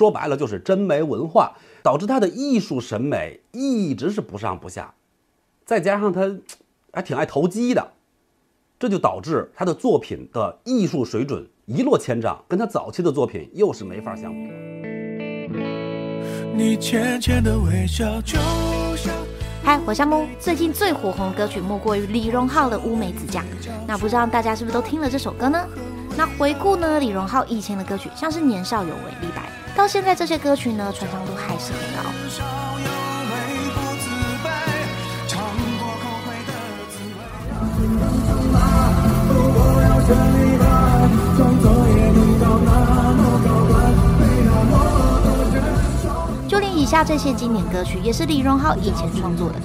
說白了就是真沒文化，導致他的藝術審美一直是不上不下，再加上他還挺愛投機的，這就導致他的作品的藝術水準一落千丈，跟他早期的作品又是沒法相比。你淺淺的微笑就像嗨，我夏慕。最近最火紅的歌曲莫過於李榮浩的《烏梅子醬》，那不知道大家是不是都聽了這首歌呢？那回顧呢，李榮浩以前的歌曲像是《年少有為》、《李白》。到現在，這些歌曲呢，傳唱度還是很高。就連以下這些經典歌曲，也是李榮浩以前創作的。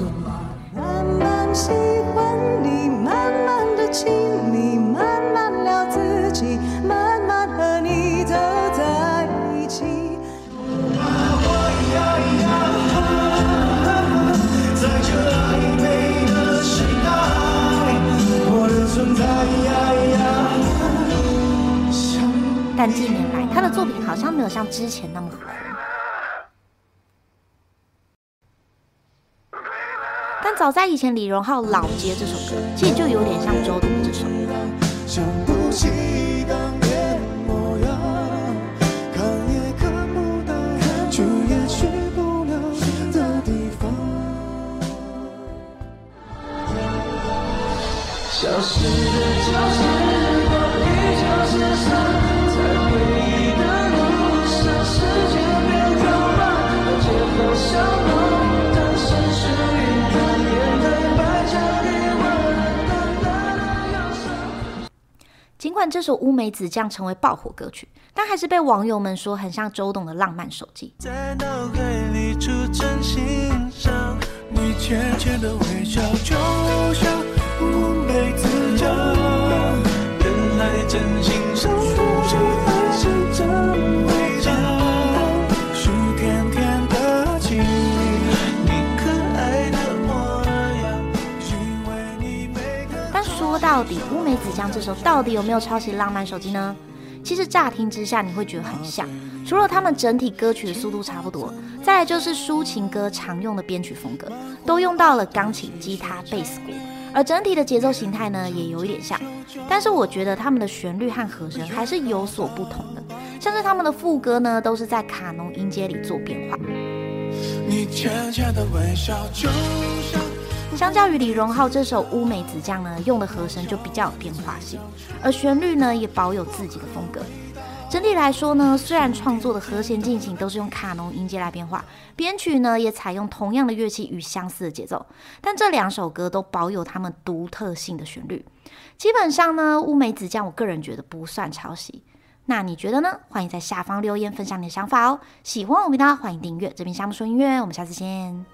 看近年來，他的作品好像沒有像之前那麼火。但早在以前，李榮浩《老街》這首歌，其實就有點像周董這首。儘管這首烏梅子醬成為爆火歌曲，但還是被網友們說很像周董的浪漫手機。在腦海裡儲存欣賞你淺淺的微笑就像烏說到底，《烏梅子醬》這首到底有沒有抄襲《浪漫手機》呢？其實乍聽之下，你會覺得很像，除了他們整體歌曲的速度差不多，再來就是抒情歌常用的編曲風格，都用到了鋼琴、吉他、貝斯、鼓，而整體的節奏形態呢，也有一點像。但是我覺得他們的旋律和和聲還是有所不同的，像是他們的副歌呢，都是在卡農音階裡做變化。你淺淺的微笑就像。相較於李榮浩這首《烏梅子醬》呢，用的和聲就比較有變化性，而旋律呢也保有自己的風格。整體來說呢，雖然創作的和弦進行都是用卡農音階來變化，編曲呢也採用同樣的樂器與相似的節奏，但這兩首歌都保有他們獨特性的旋律。基本上呢，《烏梅子醬》我個人覺得不算抄襲，那你覺得呢？歡迎在下方留言分享你的想法哦。喜歡我頻道，歡迎訂閱。這邊夏慕說音樂，我們下次見。